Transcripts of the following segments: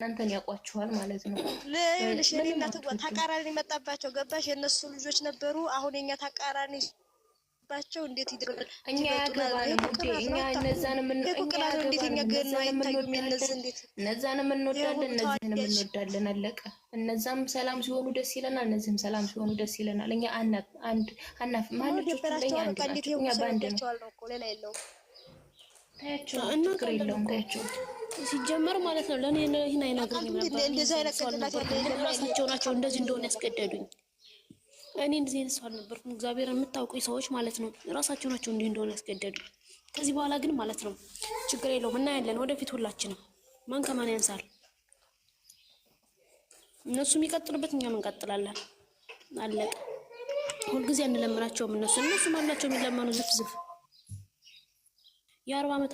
እናንተን ያውቋችኋል ማለት ነው። ልሽ ተቃራኒ መጣባቸው ገባሽ? የእነሱ ልጆች ነበሩ። አሁን የኛ ተቃራኒ ባቸው እንዴት ይድረናል? እኛ ያገባንም ውዴ፣ እኛ እነዛን እነዛን የምንወዳለን፣ እነዚህን የምንወዳለን። አለቀ። እነዛም ሰላም ሲሆኑ ደስ ይለናል፣ እነዚህም ሰላም ሲሆኑ ደስ ይለናል። እኛ አናፍ አንድ አናፍ ማንድ ለኛ አንድ ናቸው። እኛ በአንድ ነው። ሲጀመር ማለት ነው ለእኔ ይህን አይነግሩኝም ነበር። ናቸው እንደዚህ እንደሆነ ያስገደዱኝ። እኔ እንደዚህ አይነት ሰው አልነበርኩም። እግዚአብሔር የምታውቁኝ ሰዎች ማለት ነው ራሳቸው ናቸው እንዲህ እንደሆነ ያስገደዱኝ። ከዚህ በኋላ ግን ማለት ነው ችግር የለውም እናያለን። ወደፊት ሁላችንም ማን ከማን ያንሳል? እነሱ የሚቀጥሉበት እኛም እንቀጥላለን። አለቀ። ሁልጊዜ አንለምናቸውም። እነሱ እነሱ ማላቸው የሚለመኑ ዝፍ ዝፍ የአርባ ዓመት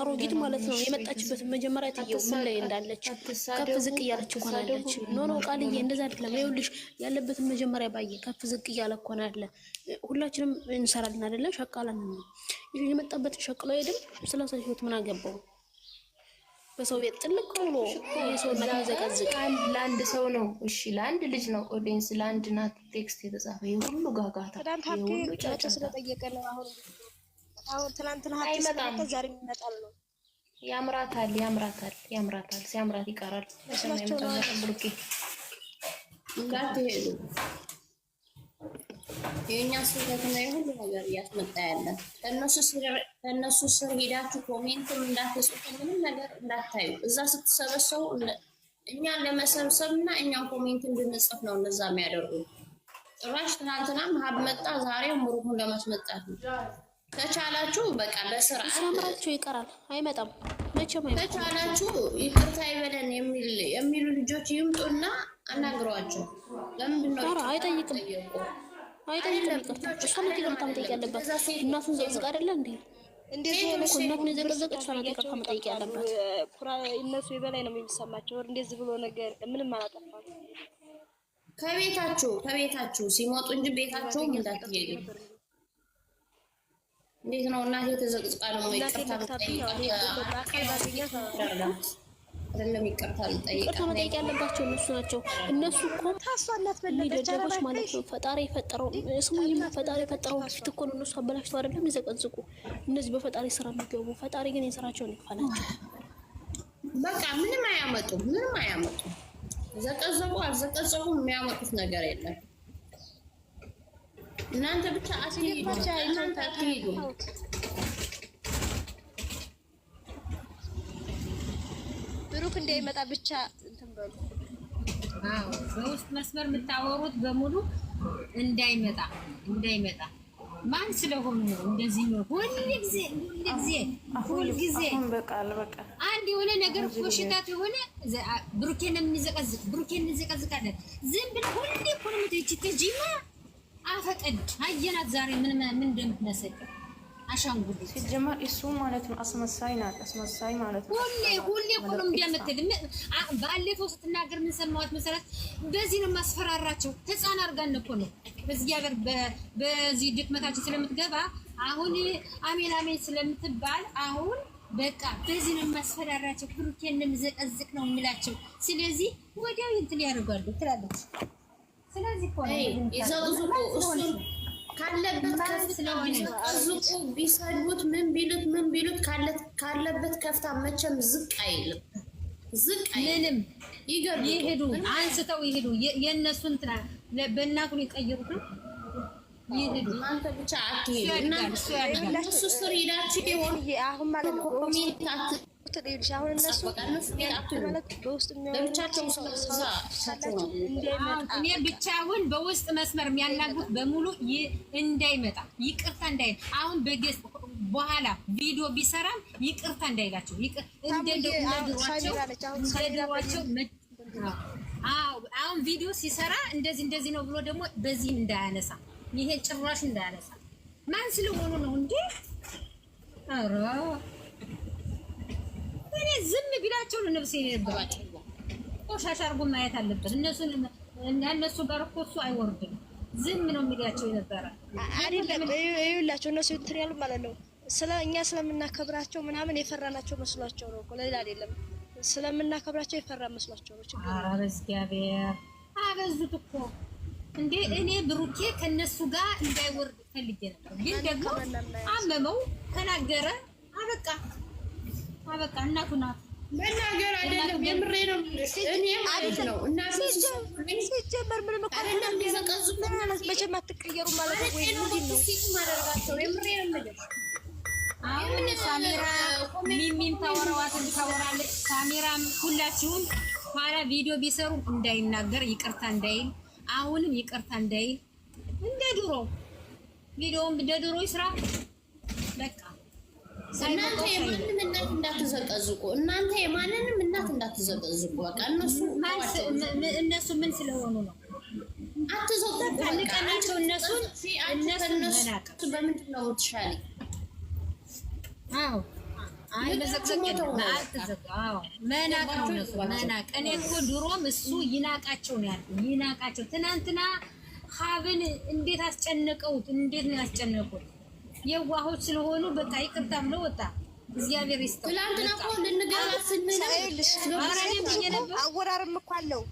አሮጊት ማለት ነው። የመጣችበት መጀመሪያ ትየው ምን ላይ እንዳለች ከፍ ዝቅ እያለች እንኳን አለች። ኖ ኖ ቃልዬ፣ እንደዛ አይደለም። ይኸውልሽ ያለበትን መጀመሪያ ባየ ከፍ ዝቅ እያለ እኮ ነው ያለ። ሁላችንም እንሰራልን አይደለም? ሸቃላን ነው የመጣበትን ሸቅሎ ሄድም። ስለ ሰው ህይወት ምን አገባው? በሰው ቤት ጥልቅ ብሎ የሰው ዘቀዝቅ ለአንድ ሰው ነው። እሺ ለአንድ ልጅ ነው። ኦዲየንስ ለአንድ ናት ቴክስት የተጻፈ የሁሉ ጋጋታ ሁሉ ጫጫ ስለጠየቀ ነው አሁን ትናንትና ሀብት ዛሬ ይመጣል ነው። ያምራታል፣ ያምራታል፣ ያምራታል። ሲያምራት ይቀራል። ብሩኬ እንዳትሄዱ የእኛ ስህተትና የሁሉ ነገር እያስመጣ ያለ ከእነሱ ስር ሄዳችሁ ኮሜንትም እንዳትጽፉ ምንም ነገር እንዳታዩ። እዛ ስትሰበሰቡ እኛን ለመሰብሰብ እና እኛን ኮሜንት እንድንጽፍ ነው እነዛ የሚያደርጉ። ጭራሽ ትናንትናም ሀብ መጣ፣ ዛሬም ሙሩኩን ለማስመጣት ነው። ከቻላችሁ በቃ በስርዓት አምራችሁ ይቀራል። አይመጣም መቼም አይመጣም። ከቻላችሁ ይቅርታ ይበለን የሚሉ ልጆች ይምጡና አናግሯቸው። ለምንድን ነው አይጠይቅም? አይጠይቅም። ይቅርታ እሷ ናት እንዴ? እንዴት እነሱ የበላይ ነው የሚሰማቸው። እንደዚህ ብሎ ነገር ምንም አላጠፋም። ከቤታችሁ ከቤታችሁ ሲመጡ እንጂ ቤታቸውም እንዳትሄዱ እንዴት ነው እናቴ ተዘቅዝቃ ነው ይቅርታ አይደለም ይቅርታ ልጠይቃ መጠየቅ ያለባቸው እነሱ ናቸው። እነሱ እኮ ደደቦች ማለት ነው። ፈጣሪ የፈጠረው ስሙ ፈጣሪ የፈጠረው ፊት እኮ ነው። እነሱ አበላሽተው አይደለም ይዘቀዝቁ። እነዚህ በፈጣሪ ስራ የሚገቡ ፈጣሪ ግን የስራቸውን ይክፈላቸው። በቃ ምንም አያመጡም፣ ምንም አያመጡም። ዘቀዘቁ አልዘቀዘቁ የሚያመጡት ነገር የለም። እናንተ ብቻ አስሄዱ፣ እናንተ አትሄዱ። ብሩክ እንዳይመጣ ብቻ እንትን በሉ። አዎ በውስጥ መስመር የምታወሩት በሙሉ እንዳይመጣ እንዳይመጣ ማን ስለሆኑ ነው እንደዚህ ነው? ሁልጊዜ ሁልጊዜ ሁልጊዜ በቃል በቃ አንድ የሆነ ነገር ኮሽታት የሆነ ብሩኬን የምንዘቀዝቅ ብሩኬን እንዘቀዝቃለን። ዝም ብለህ ሁሌ ኮሚቴ ትጅማ አፈቀድ አየናት። ዛሬ ምን ምን እንደምትመስል አሻንጉሊት ሲጀመር እሱ ማለት ነው። አስመሳይ ናት፣ አስመሳይ ማለት ነው። ሁሌ ሁሌ ሁሉም እንደምትል ባለፈው ስትናገር ምን ሰማሁት መሰረት፣ በዚህ ነው ማስፈራራቸው። ህፃን አድርጋን እኮ ነው በእግዚአብሔር በዚህ ድክመታችን ስለምትገባ አሁን አሜን አሜን ስለምትባል አሁን በቃ በዚህ ነው ማስፈራራቸው። ብሩኬን ዘቀዝቅ ነው የሚላቸው። ስለዚህ ወዲያው እንትን ያደርጋሉ ትላለች ስለዚህ ካለበት ቢሰድቡት ምን ቢሉት ምን ቢሉት ካለበት ከፍታ መቼም ዝቅ አይልም። ዝቅ ምንም ይሄዱ አንስተው ይሄዱ። የእነሱን እንትና በእናትህ ይቀይሩት ይሄዱ። እናንተ ብቻ አትሄዱ። እሱ ስር ሄዳችሁ አሁን ማለት ኮሚኒቲ አሁን በውስጥ እኔ ብቻውን በውስጥ መስመር የሚያናግሩት በሙሉ እንዳይመጣ ይቅርታ እንዳይ አሁን በጌስ በኋላ ቪዲዮ ቢሰራም ይቅርታ እንዳይላቸው አሁን ቪዲዮ ሲሰራ እንደዚህ እንደዚህ ነው ብሎ ደግሞ በዚህም እንዳያነሳ ይሄ ጭራሽ እንዳያነሳ ማን ስለሆኑ ነው እንዴ? እኔ ዝም ቢላቸው ልንብስ ይነበባቸው ቆሻሻ አርጎ ማየት አለበት። እነሱን እነሱ ጋር እኮ እሱ አይወርድም። ዝም ነው የሚላቸው የነበረ አይደለም። ይኸውላቸው እነሱ እንትን ያሉ ማለት ነው። ስለ እኛ ስለምናከብራቸው ምናምን የፈራናቸው መስሏቸው ነው እኮ ለሌላ አይደለም። ስለምናከብራቸው የፈራ መስሏቸው ነው። ችግር እግዚአብሔር አበዙት እኮ እንዴ! እኔ ብሩኬ ከነሱ ጋር እንዳይወርድ ፈልጌ ነበር፣ ግን ደግሞ አመመው ተናገረ፣ አበቃ። በቃ እናቱ ናት። መናገር አይደለም የምሬ ነው። እኔ ሲጀመር ምንም እኮ መቼም አትቀየሩ ማለት ነው አሁን ሳሚራ ሚሚም ታወራዋትን ታወራለች። ሳሚራም ሁላችሁም ኋላ ቪዲዮ ቢሰሩ እንዳይናገር ይቅርታ እንዳይል፣ አሁንም ይቅርታ እንዳይል እንደ ድሮ ቪዲዮውን እንደ ድሮ ይስራ በቃ እናንተ የማንም እናት እንዳትዘቀዝቁ፣ እናንተ የማንንም እናት እንዳትዘቀዝቁ። በቃ እነሱ እነሱ ምን ስለሆኑ ነው? አትዘቀዝቁ እነሱን። እነሱ በምንድን ነው ትሻለኝ? አዎ መናቅ። እኔ እኮ ድሮም እሱ ይናቃቸው ነው ያልኩት፣ ይናቃቸው። ትናንትና ሀብን እንዴት አስጨነቀውት! እንዴት ነው ያስጨነቁት? የዋሆች ስለሆኑ በቃ ይቅርታ ብሎ ወጣ። እግዚአብሔር ይስጥ። ትላንትና እኮ ልንገባ ስንል አወራርም እኮ አለው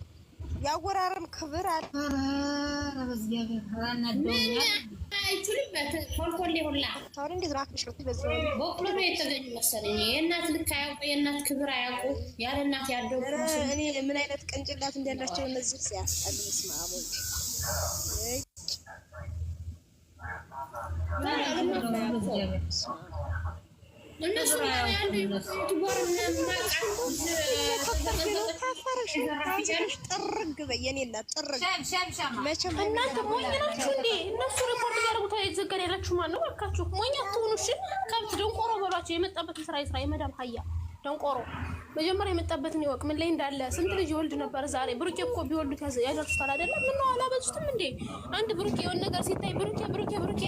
የአወራርም ክብር አለ። የእናት ክብር አያውቁ። ያለ እኔ ምን አይነት ቅንጭላት እንዳላቸው እነዚህ ሲያስጠሉ ስማሞች ጥርግ በይ የኔ እናት ጥርግ። እናንተ ሞኝ ናችሁ እንዴ? እነሱ ሪፖርት እያደረጉት ዘጋን ያላችሁ ማን እባካችሁ ሞኝ አትሆኑ። እሺ ከብት ደንቆሮ በሏቸው። የመጣበትን ስራ ይስራ የመዳም ሀያ ደንቆሮ መጀመሪያ የመጣበትን ይወቅ። ምን ላይ እንዳለ ስንት ልጅ ይወልድ ነበር። ዛሬ ብሩኬ እኮ ቢወልዱት ያደርሱታል አይደለም። ምን ምነው አላበዙትም እንዴ? አንድ ብሩኬ የሆነ ነገር ሲታይ ብሩኬ ብሩኬ ብሩኬ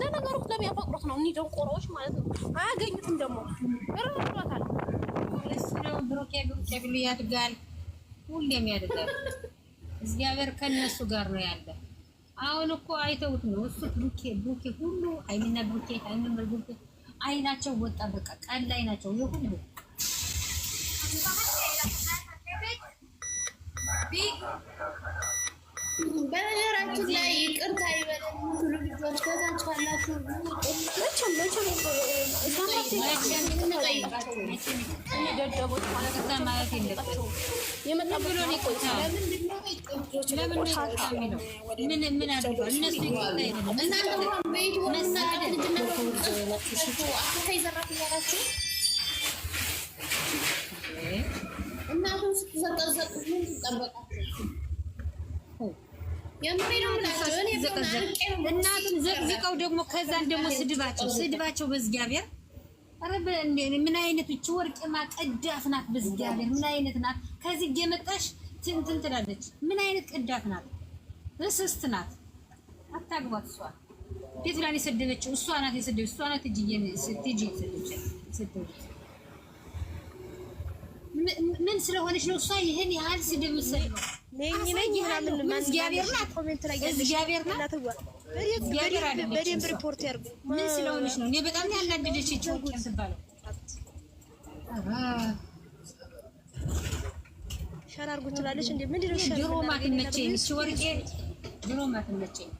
ለነገሩ ለሚያፈቅሩት ነው። እኒህ ደንቆሮዎች ማለት ነው። አያገኙትም ደግሞ ርቷታል። ብሩኬ ብሩኬ ብሎ ያድጋል፣ ሁሌም ያድጋል። እግዚአብሔር ከነሱ ጋር ነው ያለ። አሁን እኮ አይተውት ነው እሱ ብሩኬ ብሩኬ ሁሉ አይምና ብሩኬ አይምና ብሩኬ አይናቸው ወጣ። በቃ ቀን ላይ ናቸው ይሁን ቢግ በነገራችን ላይ ይቅርታ ይበለን የምትሉ ልጆች ከታች እናቱን ስትዘቀዘቅ ምን ይጠበቃል? እናቱን ዘቅዝቀው ደግሞ ከዛን ደግሞ ስድባቸው ስድባቸው በእግዚአብሔር ምን አይነት እች ወርቅማ ቅዳት ናት? በእግዚአብሔር ምን አይነት ናት? ከዚህ የመጣሽ ትንትን ትላለች። ምን አይነት ቅዳት ናት? እስስት ናት። አታግባት። እሷ ቤት ብላን የሰደበችው እሷ ናት። የሰደበችው እሷ ናት። እጅዬ ስትሄጂ የሰደበችው ምን ስለሆነች ነው እሷ ይህን ያህል ስድብ የምትሰድበው? እግዚአብሔር ናት፣ እግዚአብሔር ናት። በደንብ ሪፖርት ያድርጉ። ምን ስለሆነች ነው? እኔ በጣም ያናደደች ትባለው ሸር አድርጉ ትላለች። እንደ ምንድን ነው ድሮ ማትመቸኝ እቺ ወርቄ ድሮ ማትመቸኝ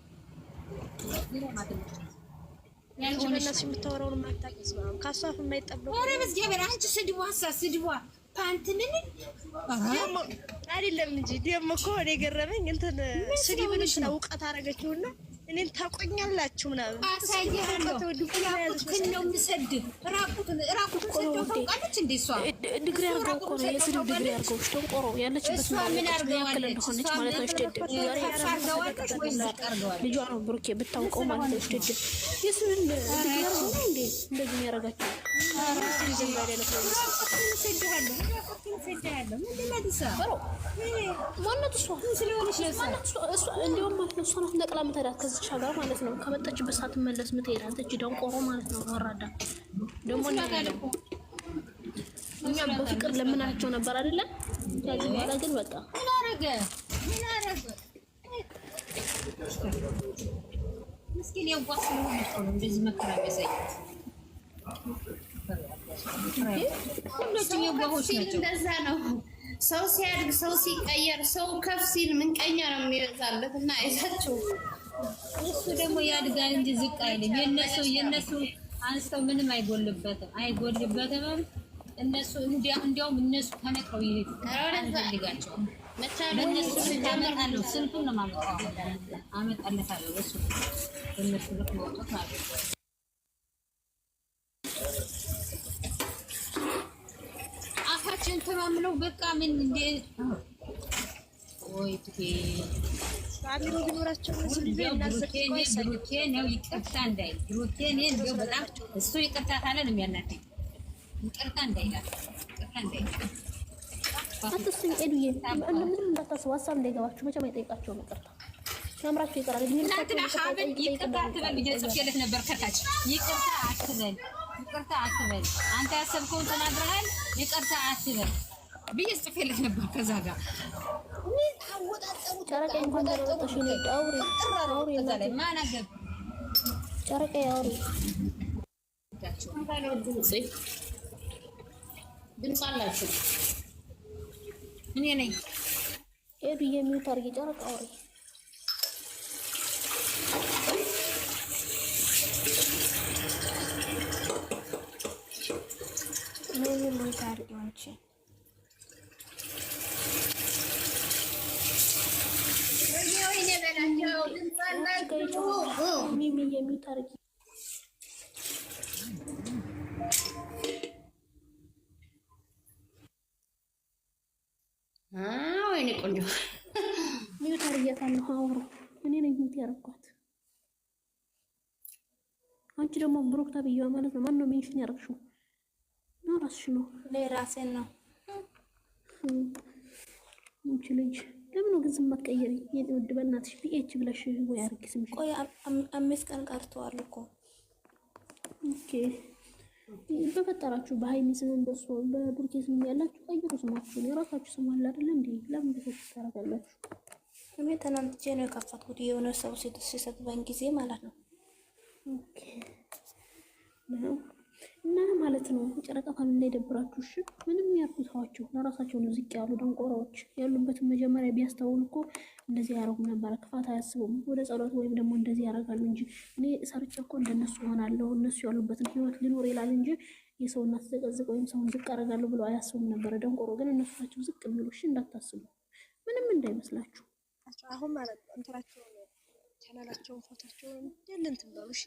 ያልሆነች የምታወራውን ማታውቂው ከእሷ አፍ የማይጠበቅ ኧረ በእግዚአብሔር አንቺ ስድቧ እሷ ስድቧ ፓንት ምን አይደለም እንጂ ደግሞ እኮ እኔ ገረመኝ። እንትን ስሪ ነው እውቀት አደረገችውና እኔን ታቆኛላችሁ ምናምን ነው የምሰድብ አድርገው እኮ ነው የስድብ ዲግሪ አድርገው ደንቆሮ ያለችበት ልጇ ነው ብሩኬ ብታውቀው ማለት ነው። እንደዚህ እንዲሁም ማለት ነው ነቅላ የምትሄዳት ከዚች ሀገር ማለት ነው። ከመጣችበት ሳትመለስ የምትሄድ አንተ እጅ ደንቆሮ ማለት ነው። ወራዳ ደግሞ እኛ በፍቅር ለምናቸው ነበር አይደለም። ከዚህ በኋላ ግን በቃ ሁሎችም የዋሆች ናቸው። እንደዛ ነው። ሰው ሲያድግ፣ ሰው ሲቀየር፣ ሰው ከፍ ሲል ምንቀኛ ነው የሚበዛለት እና አይዛቸው እሱ ደግሞ ያድጋል እንጂ ዝቅ አይልም። የነሱ የነሱ አንስተው ምንም አይጎልበትም አይጎልበትም። እነሱ እንዲያውም እነሱ ተነቅረው ይሄዱ ፈልጋቸው ስንቱን ነው የማመጣው? እሱ በእነሱ ልክ ማለት ነው። የምለው በቃ ምን እንደ ወይ ፋሚሊ ቢኖራቸው ብሩኬ ነው ይቅርታ እንዳይል ብሩኬ ነው በጣም እሱ ይቅርታ ካለ ነው የሚያናደኝ። ይቅርታ እንዳይላት ይቅርታ እንዳይላት አትስኝ ኤዱዬ፣ ምንም እንዳታስቡ፣ ሀሳብ እንዳይገባችሁ መቼም አይጠይቃቸውም ይቅርታ ከምራችሁ ይቀራል። ትናንትና ሀብል ይቅርታ አትበል ብዬ ጽፌለት ነበር ከታች ይቅርታ አትበል፣ ይቅርታ አትበል፣ አንተ ያሰብከውን ተናግረሃል፣ ይቅርታ አትበል ብዬ ጽፌልህ ነበር። ከዛ ጋር ድምፅ አላችሁ። እኔ ጨረቃ አውሪ ምን ሚውት አድርጊ። ወይኔ ቆንጆ ሚውት አድርጊያታለሁ። አውሩ እኔ ነኝ ሚውት ያደረኳት። አንቺ ደግሞ ብሩክ ተብዬዋ ማለት ነው። ማነው ሜንሽን ያደረግሽው? ነው ራስሽ ነው። እኔ ራሴን ነው እንቺ ልጅ ነው ግን መቀየር አትቀይሪ። ውድ በእናትሽ ቢኤች ብለሽ ወይ አድርጊ ስምሽ። ቆይ አምስት ቀን ቀርተዋል እኮ ኦኬ። በፈጠራችሁ በሀይሚ ስምን እንደሱ በቡርኬ ስም ያላችሁ ቀይሩ ስማችሁን። የራሳችሁ ስም አለ አይደለ እንዴ? ለምን ቤቶች ታረጋላችሁ? እኔ ተናንቼ ነው የከፈትኩት የሆነ ሰው ሲሰጥበን ጊዜ ማለት ነው። ኦኬ ነው እና ማለት ነው ጨረቃ ፋሚሊ እንዳይደብራችሁ እሺ። ምንም ያልኩት ሰዋቸው ለራሳቸው ነው ዝቅ ያሉ ደንቆሮዎች ያሉበትን መጀመሪያ ቢያስተውሉ እኮ እንደዚህ ያደረጉ ነበረ። ክፋት አያስቡም። ወደ ጸሎት ወይም ደግሞ እንደዚህ ያደርጋሉ እንጂ እኔ ሰርቼ እኮ እንደነሱ ሆናለሁ እነሱ ያሉበትን ህይወት ሊኖር ይላል እንጂ የሰው እናት ዝቀዝቅ ወይም ሰውን ዝቅ አደርጋለሁ ብለው አያስቡም ነበረ። ደንቆሮ ግን እነሱ ናቸው ዝቅ የሚሉ እሺ። እንዳታስቡ፣ ምንም እንዳይመስላችሁ። አሁን ማለት ነው እንትናቸውን ቻናላቸውን ፎታቸውን ያለን እሺ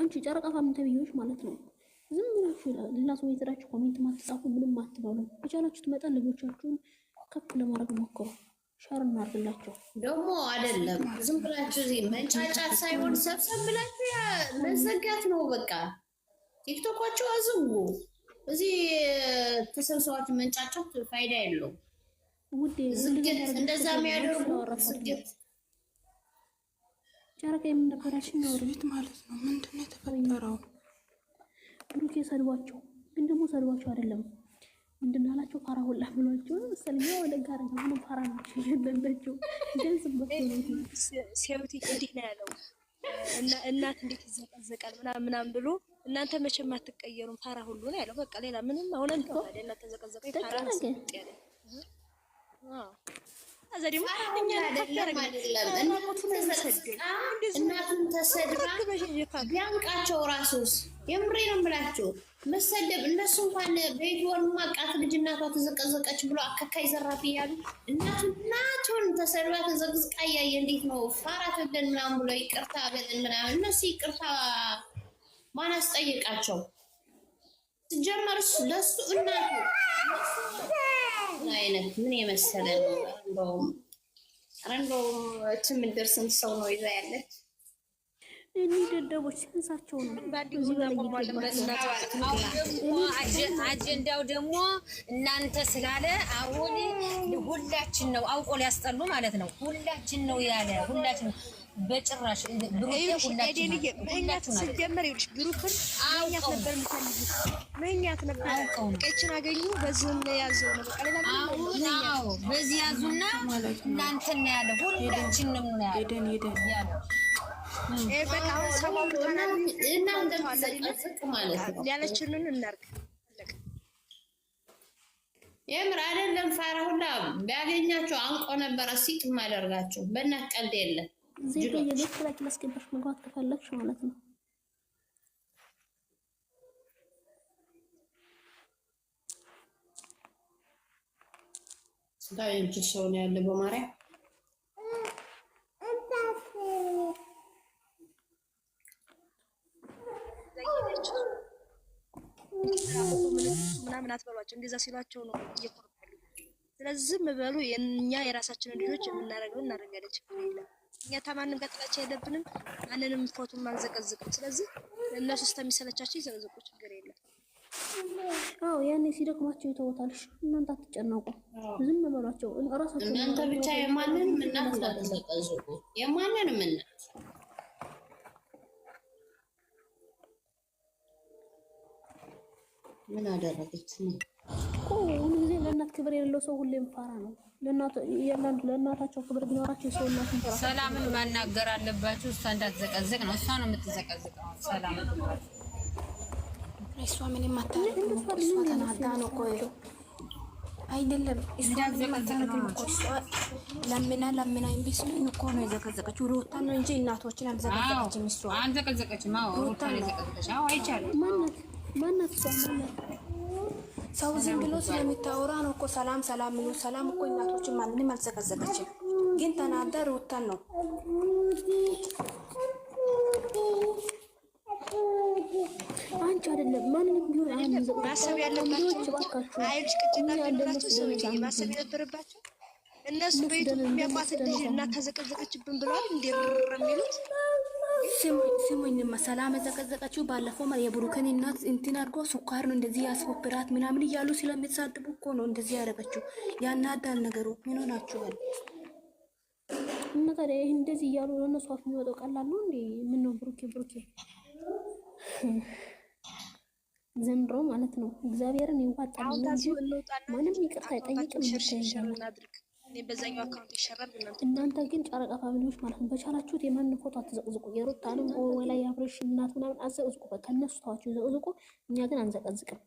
አንቺ ጨረቃ ፋሚሊ ተብዬዎች ማለት ነው። ዝም ብላችሁ ሌላ ሰው የዘራችሁ ኮሜንት ማትጻፉ ምንም አትባሉ። በቻላችሁት መጠን ልጆቻችሁን ከፍ ለማድረግ ሞክሩ። ሸር እናድርግላቸው። ደግሞ አይደለም ዝም ብላችሁ እዚህ መንጫጫት ሳይሆን ሰብሰብ ብላችሁ መዘጋት ነው በቃ። ቲክቶኳቸው አዝንጉ። እዚህ ተሰብሰባችሁ መንጫጫት ፋይዳ የለውም ውዴ። እንደዛ የሚያደርጉ ስግት ጨረቃ የምን ነበረች ቤት ማለት ነው። ምንድን ነው የተፈጠረው? ብሩኬ ሰድቧቸው፣ ግን ደግሞ ሰድቧቸው አይደለም ምንድን አላቸው ፋራ ሁላ ብሏቸው መሰለኝ። ጋር ፋራ ናቸው ነው ሲያዩት እንዲህ ነው ያለው እናት እንዴት ይዘቀዘቃል ምናምን ምናምን ብሎ እናንተ መቼም አትቀየሩም ፋራ ሁሉ ነው ያለው። በቃ ሌላ ምንም አሁን እናንተ ዘቀዘቀ ፋራ ያለ እዛ ደግሞ እናቱን ተሰድባ ቢያንቃቸው ራሱስ የምሬ ነው የምላቸው መሰደብ እነሱ እንኳን በቤት ወር ማቃት ልጅ እናቷ ተዘቀዘቀች ብሎ አካካይ ዘራፍ እያሉ እናቱ እናቱን ተሰድባ ተዘቅዝቃ እያየ እንዴት ነው ፋራ ተብለን ምናምን ብሎ ይቅርታ በለን ምናምን እነሱ ይቅርታ ማን አስጠየቃቸው? ስጀመር ለሱ እናቱ አይነት ምን የመሰለ ነው። እንደውም እንደውም እች ምድር ሰው ነው ይዛ ያለች። እኔ ደደቦች ከሳቸው ነው። አጀንዳው ደግሞ እናንተ ስላለ አሁን ሁላችን ነው አውቆ ሊያስጠሉ ማለት ነው። ሁላችን ነው ያለ ሁላችን ነው በጭራሽ መኛት ይኸውልሽ፣ ግሩፕን መኛት ነበር መኛት ነበር። ቀጭን አገኙ በዚህም ያዘው በዚህ ያዙና እናንተን ነው ያለ ሁላችንም ነው ያለ። በቃ አሁን ያለችንን የምር አይደለም ፋራ ሁላ ቢያገኛቸው አንቆ ነበረ ሲጥ ማደርጋቸው በእናት ቀልድ የለም እዚህ በየቤት ጥላቂ ላስገባሽ መግባት ከፈለግሽ ማለት ነው። ስታይ እንጂ ሰው ነው ያለ በማርያም ምናምን አትበሏቸው። እንደዛ ሲሏቸው ነው እየኮሩ። ስለዚህ ዝም በሉ። የኛ የራሳችንን ልጆች የምናደርገው እናደርጋለን። ችግር የለም። እኛ ታማንም ጋር ጥላቻ የለብንም። ማንንም ፎቶም አንዘቀዝቅም። ስለዚህ እነሱ እስከሚሰለቻቸው ይዘቅዝቁ፣ ችግር የለም። አዎ ያኔ ሲደክማቸው ይተውታልሽ። እናንተ አትጨነቁ፣ ዝም በሏቸው እራሳቸው። እናንተ ብቻ የማንንም እናት አትዘቀዝቁ፣ የማንንም እናት ምን አደረገች? ሁሉ ጊዜ ለእናት ክብር የሌለው ሰው ሁሌም ፋራ ነው። ለእናታቸው ክብር ቢኖራቸው የሰው እናት ሰላምን ማናገር አለባቸው። እሷ እንዳትዘቀዘቅ ነው። እሷ ነው የምትዘቀዘቅ ነው። ሰላም እሷ ምን ተናዳ ነው ቆይሎ አይደለም ለምና ለምና ኢንቨስትመንት እኮ ነው የዘቀዘቀችው። ሮታ ነው እንጂ እናቶችን አልዘቀዘቀችም። እሷ ነው የዘቀዘቀች አይቻልም። ማናት ማናት እሷ ሰው ዝም ብሎ ስለሚታወራ ነው እኮ ሰላም ሰላም ሚሉ። ሰላም እኮ እናቶችን ማንንም አልዘቀዘቀችም፣ ግን ተናዳ ሩታን ነው አንቺ አይደለም ማንንም ቢሆን ማሰብ ያለባቸው ማሰብ የነበረባቸው እነሱ በኢትዮጵያ ቋት ልጅ እና ተዘቀዘቀችብን ብለዋል እንዲር የሚሉት ስሙኝማ ሰላም ዘቀዘቀችው። ባለፈው ማለት የብሩክን እናት እንትን አድርጎ ስኳር ነው እንደዚህ ያስፎክራት ምናምን እያሉ ስለሚሳድቡ እኮ ነው እንደዚህ ያደረገችው። ያናዳል ነገሩ። ምን ሆናችኋል? እና ታዲያ ይህ እንደዚህ እያሉ ለእነሱ አፍ የሚወጣው ቀላል ነው እንዴ? ምን ነው ብሩኬ፣ ብሩኬ ዘንድሮ ማለት ነው እግዚአብሔርን ይዋጣል። ማንም ይቅርታ አይጠይቅም። በዛኛው አካውንት ይሻላል። እናንተ ግን ጨረቃ ፋሚሊዎች ማለት ነው በቻላችሁት የማንን ፎቶ አትዘቅዝቁ። የሩታንም ላይ የአብሬሽ እናት ምናምን አዘቅዝቁ። ከነሱ ተዋችሁ ዘቅዝቁ። እኛ ግን አንዘቀዝቅም።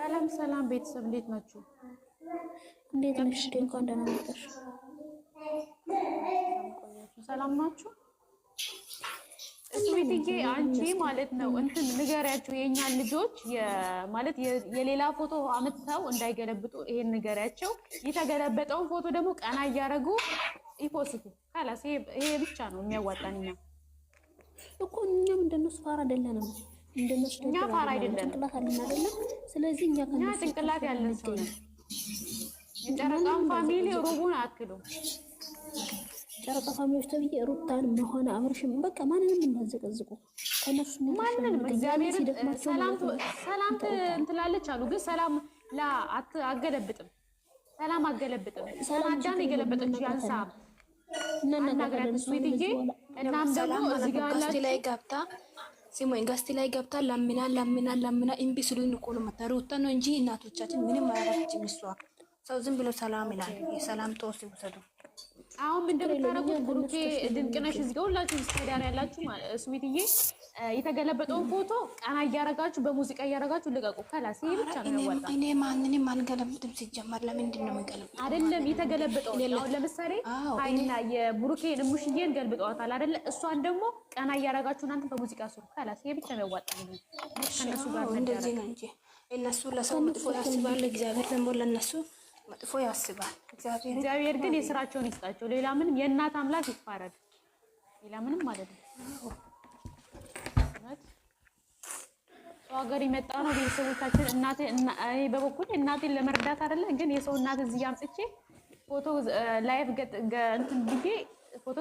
ሰላም ሰላም፣ ቤተሰብ እንዴት ናችሁ? እንዴት ነሽ? እንኳን ደህና መጣሽ። ሰላም ናችሁ? ቤትዬ አንቺ ማለት ነው እንትን ንገሪያቸው የእኛን ልጆች ማለት የሌላ ፎቶ አምጥተው እንዳይገለብጡ ይሄን ንገሪያቸው። የተገለበጠውን ፎቶ ደግሞ ቀና እያደረጉ ይፖስቱ። ካላስ ይሄ ብቻ ነው የሚያዋጣን። እኛ እኮ እኛም እንደነሱ ፋራ አይደለንም፣ እንደነሱ እኛ ፋራ አይደለንም። ስለዚህ እኛ ከነሱ ጭንቅላት ያለን ሰው ነው። የጨረቃን ፋሚሊ ሩቡን አክሉ ጨረቃ ፋሚዎች ተብዬ ሩታን መሆነ አብርሽም በቃ ማንንም እንዳዘቀዝቁ ከነሱ ማንንም እግዚአብሔር ሰላም እንትላለች አሉ። ግን ሰላም ላ አገለብጥም ሰላም አገለብጥም ሰላም የገለበጠች ያንሳ እናናገራለን ስዊትዬ። እናም ደግሞ እዚህ ጋር ያላችሁ ላይ ገብታ ሲሞኝ ጋስቲ ላይ ገብታ ላምና ላምና ላምና እምቢ ስሉ እኮ ነው መታ ሩታ ነው እንጂ እናቶቻችን ምንም አያራችም። እሷ ሰው ዝም ብሎ ሰላም ይላል። የሰላም ጦስ ይውሰዱ። አሁን እንደምታረጉት ብሩኬ ድንቅነሽ እዚህ ጋር ሁላችሁ ስታዲያን ያላችሁ ስዊትዬ የተገለበጠውን ፎቶ ቀና እያረጋችሁ በሙዚቃ እያረጋችሁ ልቀቁ። ከላስ ይሄ ብቻ ነው ያወጣ። እኔ ማንንም አልገለብጥም ሲጀመር። ለምንድን ነው የምንገለብጠው? አይደለም የተገለበጠው አሁን ለምሳሌ ሀይና የብሩኬን እሙሽዬን ገልብጠዋታል አይደለ? እሷን ደግሞ ቀና እያረጋችሁ እናንተ በሙዚቃ ስሩ። ከላስ ይሄ ብቻ ነው ያወጣ። ከነሱ ጋር እንደዚህ ነው እንጂ እነሱ ለሰው መጥፎ ያስባሉ። እግዚአብሔር ደግሞ ለእነሱ መጥፎ ያስባል። እግዚአብሔር ግን የስራቸውን ይስጣቸው። ሌላ ምንም የእናት አምላክ ይፋረድ። ሌላ ምንም ማለት ነው። ሰው ሀገር የመጣ ነው ቤተሰቦቻችን። እናቴ በበኩል እናቴን ለመርዳት አይደለ ግን የሰው እናት እዚህ አምጥቼ ፎቶ ላይቭ እንትን ብዬ ፎቶ